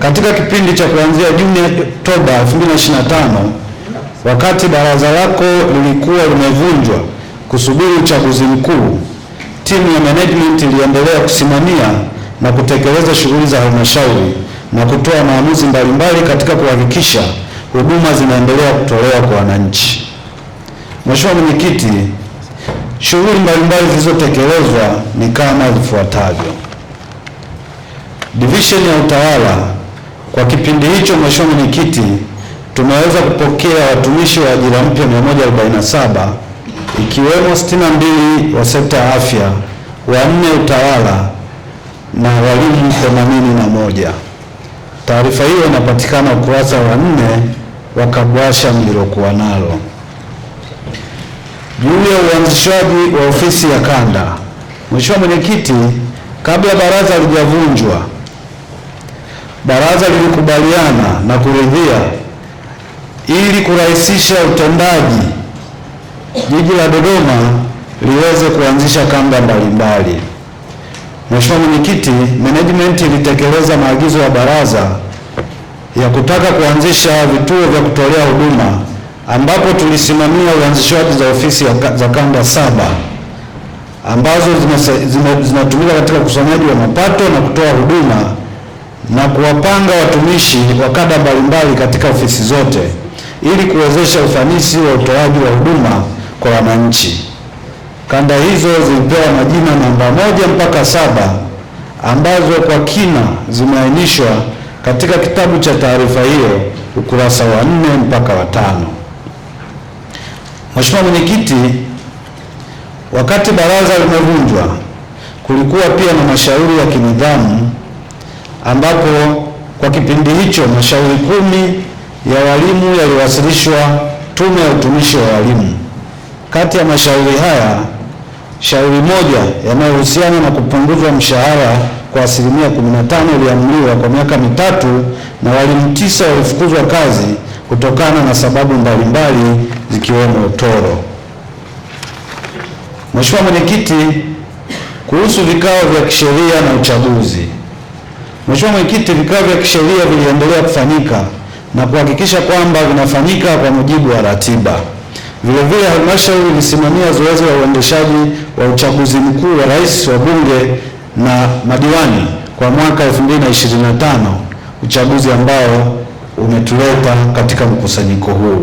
Katika kipindi cha kuanzia Juni Oktoba 2025 wakati baraza lako lilikuwa limevunjwa kusubiri uchaguzi mkuu, timu ya management iliendelea kusimamia na kutekeleza shughuli za halmashauri na kutoa maamuzi mbalimbali katika kuhakikisha huduma zinaendelea kutolewa kwa wananchi. Mheshimiwa Mwenyekiti, shughuli mbalimbali zilizotekelezwa ni kama ifuatavyo: divisheni ya utawala kwa kipindi hicho, Mheshimiwa Mwenyekiti, tumeweza kupokea watumishi wa ajira mpya 147 ikiwemo 62 wa sekta ya afya, wanne utawala na walimu 81. Taarifa hiyo inapatikana ukurasa wa nne wa kabwasha mlilokuwa nalo. Juu ya uanzishwaji wa ofisi ya kanda, Mheshimiwa Mwenyekiti, kabla baraza halijavunjwa Baraza lilikubaliana na kuridhia, ili kurahisisha utendaji, jiji la Dodoma liweze kuanzisha kanda mbalimbali. Mheshimiwa Mwenyekiti, management ilitekeleza maagizo ya baraza ya kutaka kuanzisha vituo vya kutolea huduma ambapo tulisimamia uanzishaji za ofisi za kanda saba ambazo zinatumika katika ukusanyaji wa mapato na kutoa huduma na kuwapanga watumishi wa kada mbalimbali katika ofisi zote ili kuwezesha ufanisi wa utoaji wa huduma kwa wananchi. Kanda hizo zilipewa majina namba moja mpaka saba ambazo kwa kina zimeainishwa katika kitabu cha taarifa hiyo ukurasa wa nne mpaka wa tano. Mheshimiwa Mwenyekiti, wakati baraza limevunjwa kulikuwa pia na mashauri ya kinidhamu ambapo kwa kipindi hicho mashauri kumi ya walimu yaliwasilishwa Tume ya Utumishi wa Walimu. Kati ya mashauri haya, shauri moja yanayohusiana na kupunguzwa mshahara kwa asilimia 15 iliamriwa kwa miaka mitatu na walimu tisa walifukuzwa kazi kutokana na sababu mbalimbali zikiwemo utoro. Mheshimiwa Mwenyekiti, kuhusu vikao vya kisheria na uchaguzi Mheshimiwa Mwenyekiti, vikao vya kisheria viliendelea kufanyika na kuhakikisha kwamba vinafanyika kwa mujibu wa ratiba. Vilevile halmashauri ilisimamia zoezi la uendeshaji wa uchaguzi mkuu wa rais wa bunge na madiwani kwa mwaka 2025, uchaguzi ambao umetuleta katika mkusanyiko huu.